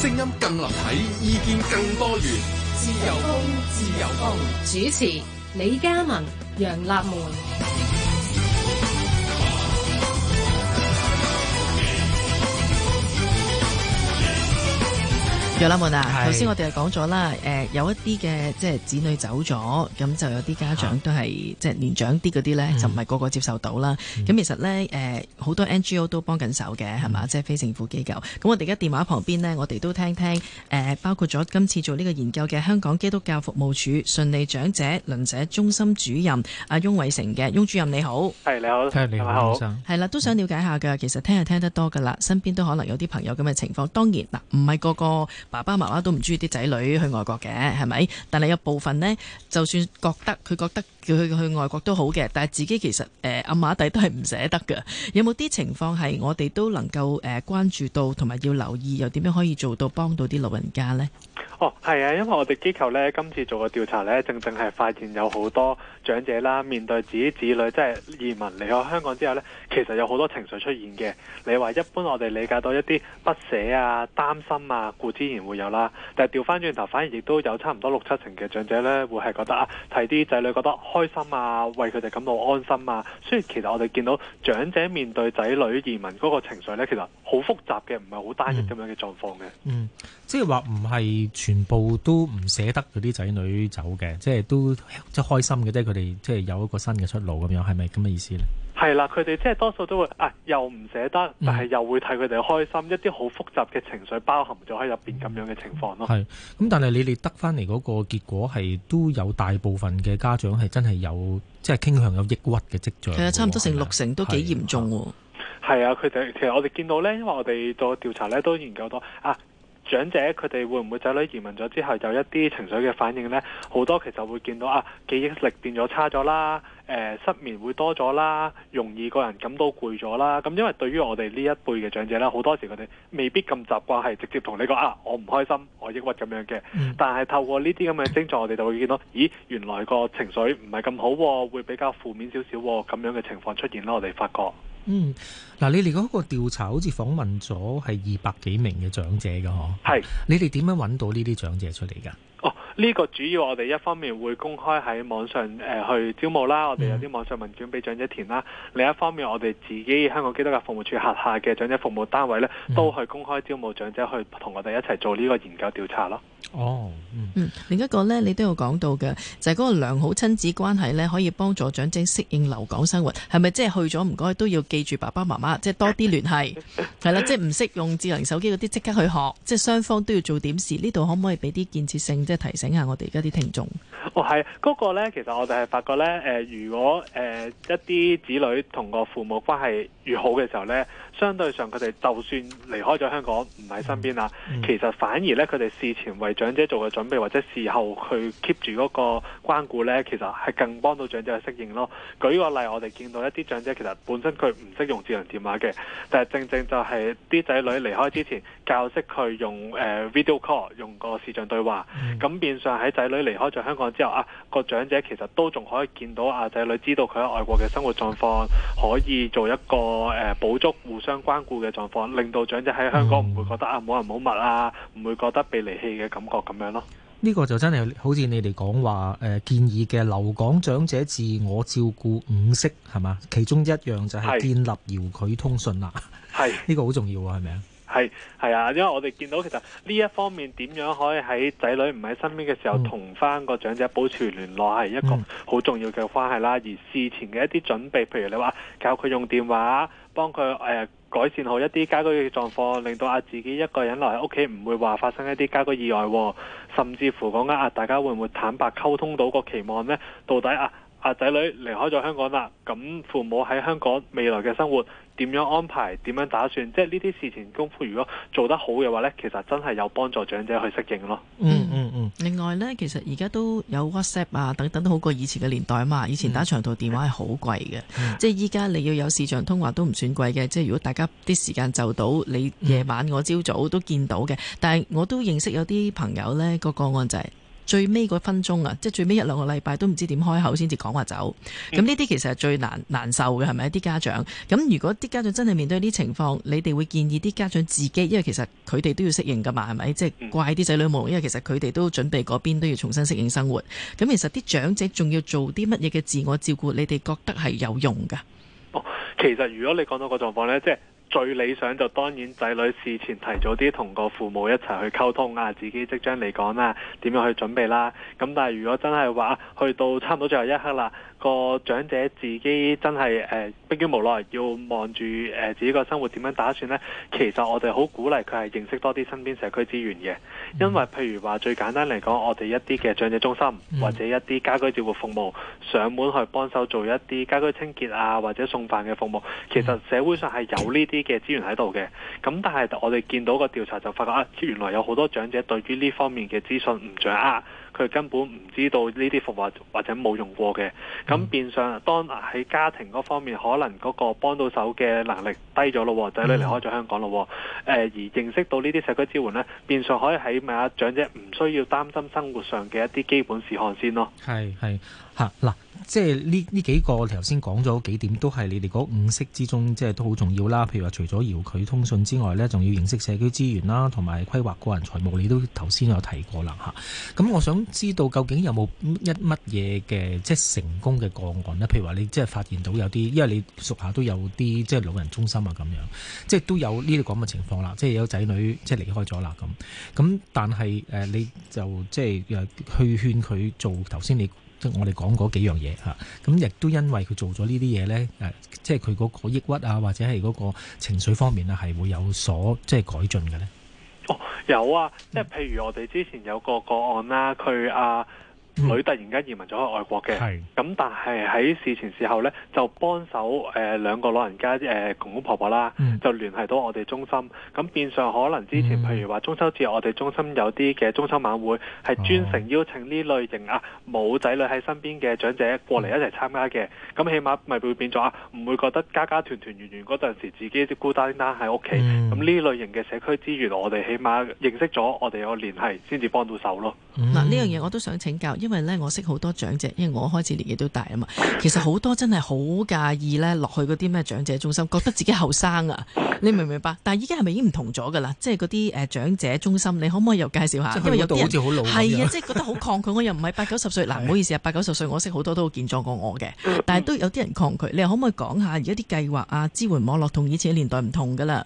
聲音更立體，意見更多元。自由風，自由風。主持：李嘉文、楊立梅。啦，頭先是我哋係講咗啦，誒、呃、有一啲嘅即係子女走咗，咁、嗯啊、就有啲家長都係、啊、即係年長啲嗰啲咧，嗯、就唔係個個接受到啦。咁其實咧，誒、呃、好多 NGO 都幫緊手嘅，係嘛？即、就、係、是、非政府機構。咁我哋而家電話旁邊呢，我哋都聽聽誒、呃，包括咗今次做呢個研究嘅香港基督教服務處順利長者鄰舍中心主任阿翁偉承嘅翁主任你好，係你好，聽日你好，係啦，都想了解下嘅。其實聽係聽，聽，聽得多噶啦，身邊都可能有啲朋友咁嘅情況。當然嗱，唔係個個。爸爸媽媽都唔中意啲仔女去外國嘅，係咪？但係有部分呢，就算覺得佢覺得叫佢去外國都好嘅，但係自己其實誒暗下底都係唔捨得嘅。有冇啲情況係我哋都能夠誒、呃、關注到，同埋要留意，又點樣可以做到幫到啲老人家呢？哦，係啊，因為我哋機構咧，今次做個調查咧，正正係發現有好多長者啦，面對自己子女即係移民離開香港之後咧，其實有好多情緒出現嘅。你話一般我哋理解到一啲不捨啊、擔心啊、固之然會有啦，但係掉返轉頭，反而亦都有差唔多六七成嘅長者咧，會係覺得啊，睇啲仔女覺得開心啊，為佢哋感到安心啊。所以其實我哋見到長者面對仔女移民嗰個情緒咧，其實好複雜嘅，唔係好單一咁樣嘅狀況嘅。嗯，即係話唔係。全部都唔捨得嗰啲仔女走嘅，即係都即係開心嘅，即係佢哋即係有一個新嘅出路咁樣，係咪咁嘅意思呢？係啦，佢哋即係多數都會啊，又唔捨得，但係又會替佢哋開心，一啲好複雜嘅情緒包含咗喺入邊咁樣嘅情況咯。係咁，但係你哋得翻嚟嗰個結果係都有大部分嘅家長係真係有即係、就是、傾向有抑鬱嘅跡象。其實差唔多成六成都幾嚴重喎。係啊，佢哋其實我哋見到呢，因為我哋做調查呢，都研究到。啊。長者佢哋會唔會仔女移民咗之後有一啲情緒嘅反應呢？好多其實會見到啊，記憶力變咗差咗啦，誒、呃、失眠會多咗啦，容易個人感到攰咗啦。咁、啊、因為對於我哋呢一輩嘅長者啦，好多時佢哋未必咁習慣係直接同你講啊，「我唔開心，我抑鬱」咁樣嘅。但係透過呢啲咁嘅徵狀，我哋就會見到，咦，原來個情緒唔係咁好，會比較負面少少咁樣嘅情況出現啦。我哋發覺。嗯，嗱，你哋嗰個調查好似訪問咗係二百幾名嘅長者嘅嗬，係是，你哋點樣揾到呢啲長者出嚟噶？哦，呢、這個主要我哋一方面會公開喺網上誒、呃、去招募啦，我哋有啲網上問卷俾長者填啦，嗯、另一方面我哋自己香港基督教服務處轄下嘅長者服務單位咧都去公開招募長者去同我哋一齊做呢個研究調查咯。哦，oh, um. 嗯，另一個咧，你都有講到嘅，就係、是、嗰個良好親子關係咧，可以幫助長者適應留港生活。係咪即係去咗唔該都要記住爸爸媽媽，即、就、係、是、多啲聯繫，係啦， 即係唔識用智能手機嗰啲即刻去學，即、就、係、是、雙方都要做點事。呢度可唔可以俾啲建設性，即、就、係、是、提醒下我哋而家啲聽眾？哦，係嗰、那個咧，其實我哋係發覺咧，誒、呃，如果誒、呃、一啲子女同個父母關係越好嘅時候咧，相對上佢哋就算離開咗香港唔喺、mm. 身邊啦，mm. 其實反而咧佢哋事前為長者做嘅準備或者事後去 keep 住嗰個關顧呢，其實係更幫到長者去適應咯。舉個例，我哋見到一啲長者其實本身佢唔識用智能電話嘅，但係正正就係啲仔女離開之前教識佢用誒、呃、video call，用個視像對話。咁變相喺仔女離開咗香港之後，啊、個長者其實都仲可以見到啊仔女，知道佢喺外國嘅生活狀況，可以做一個誒、呃、補足互相關顧嘅狀況，令到長者喺香港唔會覺得啊冇人冇物啊，唔、啊、會覺得被離棄嘅感。哦，咁樣咯，呢個就真係好似你哋講話誒、呃，建議嘅留港長者自我照顧五式係嘛？其中一樣就係建立遙距通訊啦，係呢是 個好重要啊，係咪啊？係係啊，因為我哋見到其實呢一方面點樣可以喺仔女唔喺身邊嘅時候同返、嗯、個長者保持聯絡，係一個好重要嘅關係啦。嗯、而事前嘅一啲準備，譬如你話教佢用電話，幫佢誒。呃改善好一啲家居嘅狀況，令到啊自己一個人留喺屋企唔會話發生一啲家居意外，甚至乎講緊啊大家會唔會坦白溝通到個期望咧？到底啊～啊仔女離開咗香港啦，咁父母喺香港未來嘅生活點樣安排？點樣打算？即係呢啲事前功夫如果做得好嘅話呢，其實真係有幫助長者去適應咯。嗯嗯嗯。嗯嗯，另外呢，其實而家都有 WhatsApp 啊，等等都好過以前嘅年代啊嘛。以前打長途電話係好貴嘅，嗯、即係依家你要有視像通話都唔算貴嘅。即係如果大家啲時間就到，你夜晚我朝早都見到嘅。但係我都認識有啲朋友呢，個個案就係、是。最尾嗰分鐘啊，即係最尾一兩個禮拜都唔知點開口先至講話走，咁呢啲其實係最難難受嘅係咪？一啲家長咁，如果啲家長真係面對呢啲情況，你哋會建議啲家長自己，因為其實佢哋都要適應㗎嘛，係咪？即係怪啲仔女冇，因為其實佢哋都準備嗰邊都要重新適應生活。咁其實啲長者仲要做啲乜嘢嘅自我照顧？你哋覺得係有用㗎？其實如果你講到個狀況呢，即係。最理想就當然仔女事前提早啲同個父母一齊去溝通啊，自己即將嚟講啊，點樣去準備啦、啊。咁但係如果真係話去到差唔多最後一刻啦。個長者自己真係誒、呃，迫於無奈要望住誒自己個生活點樣打算呢？其實我哋好鼓勵佢係認識多啲身邊社區資源嘅，因為譬如話最簡單嚟講，我哋一啲嘅長者中心或者一啲家居照顧服務上門去幫手做一啲家居清潔啊，或者送飯嘅服務，其實社會上係有呢啲嘅資源喺度嘅。咁但係我哋見到個調查就發覺啊，原來有好多長者對於呢方面嘅資訊唔掌握。佢根本唔知道呢啲服務或者冇用過嘅，咁變相當喺家庭嗰方面，可能嗰個幫到手嘅能力低咗咯，仔女咧離開咗香港咯，誒、嗯、而認識到呢啲社區支援呢，變相可以起碼長者唔需要擔心生活上嘅一啲基本事項先咯。係係嚇嗱。即係呢呢幾個頭先講咗幾點，都係你哋嗰五色之中，即係都好重要啦。譬如話，除咗遙距通訊之外呢，仲要認識社區資源啦，同埋規劃個人財務。你都頭先有提過啦嚇。咁我想知道究竟有冇一乜嘢嘅即係成功嘅個案呢？譬如話，你即係發現到有啲，因為你熟下都有啲即係老人中心啊咁樣，即係都有呢啲咁嘅情況啦。即係有仔女即係離開咗啦咁。咁但係誒、呃，你就即係去勸佢做頭先你。即係我哋講嗰幾樣嘢嚇，咁、啊、亦都因為佢做咗呢啲嘢呢，誒、啊，即係佢嗰個抑鬱啊，或者係嗰個情緒方面啊，係會有所即係改進嘅呢？哦，有啊，即係譬如我哋之前有個個案啦，佢啊。女突然間移民咗去外國嘅，咁 但係喺事前事後呢，就幫手誒兩個老人家誒公公婆婆啦，就聯繫到我哋中心。咁變相可能之前，譬如話中秋節，我哋中心有啲嘅中秋晚會，係專程邀請呢類型啊冇仔女喺身邊嘅長者過嚟一齊參加嘅。咁起碼咪會變咗啊，唔會覺得家家團團圓圓嗰陣時，自己孤單單喺屋企。咁呢類型嘅社區資源，我哋起碼認識咗，我哋有個聯繫先至幫到手咯。嗱，呢樣嘢我都想請教。因為咧，我識好多長者，因為我開始年紀都大啊嘛。其實好多真係好介意咧落去嗰啲咩長者中心，覺得自己後生啊，你明唔明白？但係依家係咪已經唔同咗噶啦？即係嗰啲誒長者中心，你可唔可以又介紹下？因為有啲人好似好老，係啊， 即係覺得好抗拒。我又唔係八九十歲，嗱唔 好意思啊，八九十歲我識好多都健壯過我嘅，但係都有啲人抗拒。你又可唔可以講下而家啲計劃啊、支援網絡同以前嘅年代唔同噶啦？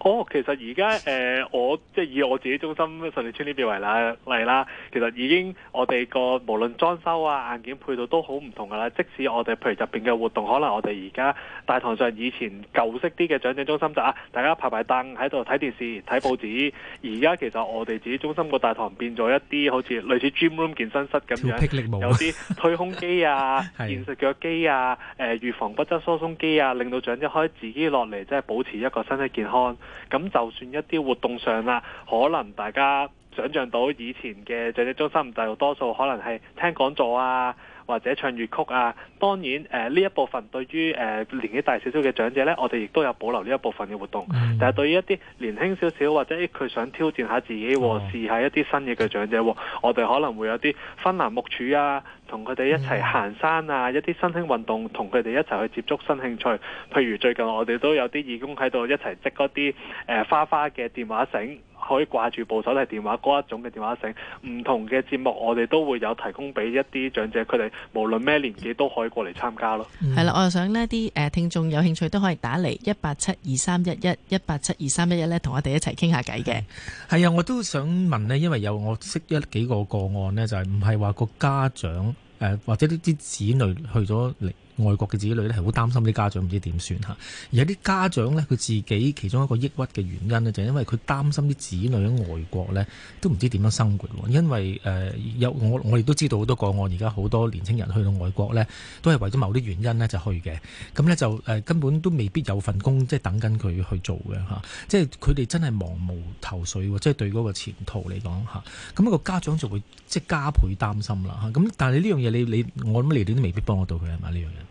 哦，其實而家誒，我即係以我自己中心順利村呢邊為例啦，其實已經我哋個無論裝修啊、硬件配套都好唔同㗎啦。即使我哋譬如入邊嘅活動，可能我哋而家大堂上以前舊式啲嘅長者中心就是、啊，大家排排凳喺度睇電視、睇報紙。而家其實我哋自己中心個大堂變咗一啲，好似類似 gym room 健身室咁樣，有啲推胸機啊、練實腳機啊、誒、呃、預防骨質疏鬆機啊，令到長者可以自己落嚟，即、就、係、是、保持一個身體健康。.咁就算一啲活動上啦，可能大家想象到以前嘅長者中心就多數可能係聽講座啊。或者唱粵曲啊，當然誒呢、呃、一部分對於誒、呃、年紀大少少嘅長者呢，我哋亦都有保留呢一部分嘅活動。Mm hmm. 但係對於一啲年輕少少或者佢想挑戰下自己試、mm hmm. 下一啲新嘢嘅長者，我哋可能會有啲芬蘭木柱啊，同佢哋一齊行山啊，一啲新興運動同佢哋一齊去接觸新興趣。譬如最近我哋都有啲義工喺度一齊織嗰啲、呃、花花嘅電話繩。可以掛住部手提電話嗰一種嘅電話繩。唔同嘅節目我哋都會有提供俾一啲長者，佢哋無論咩年紀都可以過嚟參加咯。係啦，我又想咧啲誒聽眾有興趣都可以打嚟一八七二三一一一八七二三一一咧，同我哋一齊傾下偈嘅。係啊，我都想問咧，因為有我識咗幾個個案咧，就係唔係話個家長誒或者呢啲子女去咗嚟。外國嘅子女咧係好擔心啲家長唔知點算嚇，而有啲家長咧佢自己其中一個抑鬱嘅原因咧就係、因為佢擔心啲子女喺外國咧都唔知點樣生活，因為誒、呃、有我我亦都知道好多個案，而家好多年輕人去到外國咧都係為咗某啲原因咧就去嘅，咁、嗯、咧就誒、呃、根本都未必有份工、就係啊，即係等緊佢去做嘅嚇，即係佢哋真係茫無頭緒喎，即係對嗰個前途嚟講嚇，咁、啊嗯一個家長就會即係加倍擔心啦嚇，咁、啊、但係你呢樣嘢你你我諗你哋都未必幫我到到佢係咪呢樣嘢？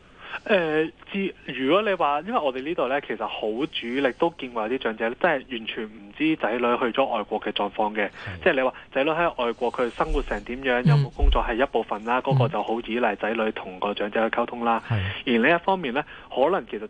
誒，至、呃、如果你話，因為我哋呢度咧，其實好主力都見過有啲長者咧，真係完全唔知仔女去咗外國嘅狀況嘅。即係你話仔女喺外國，佢生活成點樣，有冇工作係一部分啦，嗰、嗯、個就好依賴仔女同個長者去溝通啦。是的 而另一方面咧，可能其實。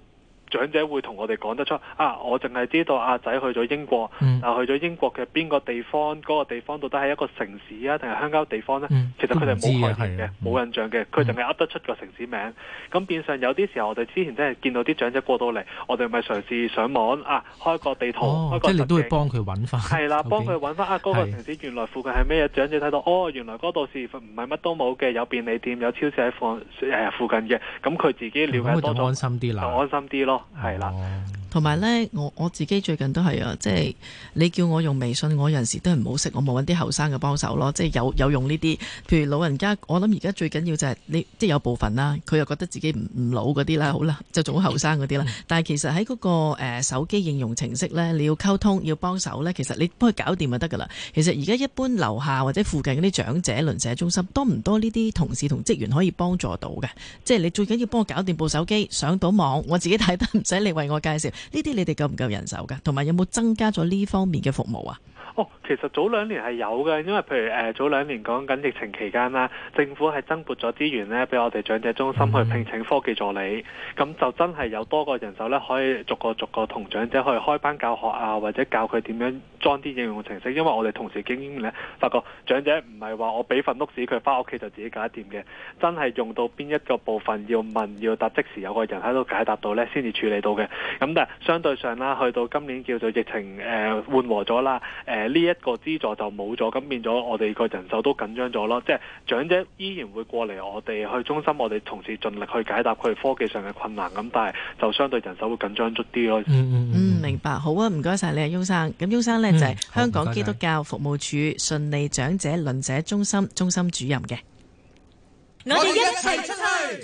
長者會同我哋講得出啊！我淨係知道阿仔去咗英國，啊去咗英國嘅邊個地方？嗰個地方到底係一個城市啊，定係鄉郊地方呢？其實佢哋冇概念嘅，冇印象嘅，佢淨係噏得出個城市名。咁變相有啲時候，我哋之前真係見到啲長者過到嚟，我哋咪嘗試上網啊，開個地圖，即係你都會幫佢揾翻，係啦，幫佢揾翻啊，嗰個城市原來附近係咩嘢？長者睇到哦，原來嗰度市唔係乜都冇嘅，有便利店、有超市喺附近嘅。咁佢自己了解多啲，就安心啲咯。係啦。Oh. 同埋呢，我我自己最近都係啊，即係你叫我用微信，我有陣時都唔好識，我冇揾啲後生嘅幫手咯。即係有有用呢啲，譬如老人家，我諗而家最緊要就係你，即係有部分啦，佢又覺得自己唔唔老嗰啲啦，好啦，就做好後生嗰啲啦。但係其實喺嗰個、呃、手機應用程式呢，你要溝通要幫手呢，其實你幫佢搞掂就得噶啦。其實而家一般樓下或者附近嗰啲長者鄰舍中心，多唔多呢啲同事同職員可以幫助到嘅？即係你最緊要幫我搞掂部手機上到網，我自己睇得唔使你為我介紹。呢啲你哋夠唔夠人手㗎？同埋有冇增加咗呢方面嘅服務啊？哦，其實早兩年係有嘅，因為譬如誒、呃、早兩年講緊疫情期間啦，政府係增撥咗資源呢俾我哋長者中心去聘請科技助理，咁、嗯、就真係有多個人手咧，可以逐個逐個同長者去開班教學啊，或者教佢點樣。裝啲應用程式，因為我哋同時經理發覺長者唔係話我俾份屋紙佢翻屋企就自己搞得掂嘅，真係用到邊一個部分要問要答，即時有個人喺度解答到呢，先至處理到嘅。咁但係相對上啦，去到今年叫做疫情誒、呃、緩和咗啦，誒呢一個資助就冇咗，咁變咗我哋個人手都緊張咗咯。即係長者依然會過嚟我哋去中心，我哋同事盡力去解答佢科技上嘅困難。咁但係就相對人手會緊張咗啲咯。嗯嗯嗯，明白。好啊，唔該晒你啊，翁生。咁翁生呢就係香港基督教服務處順利長者鄰舍中心中心主任嘅。我哋一齊出去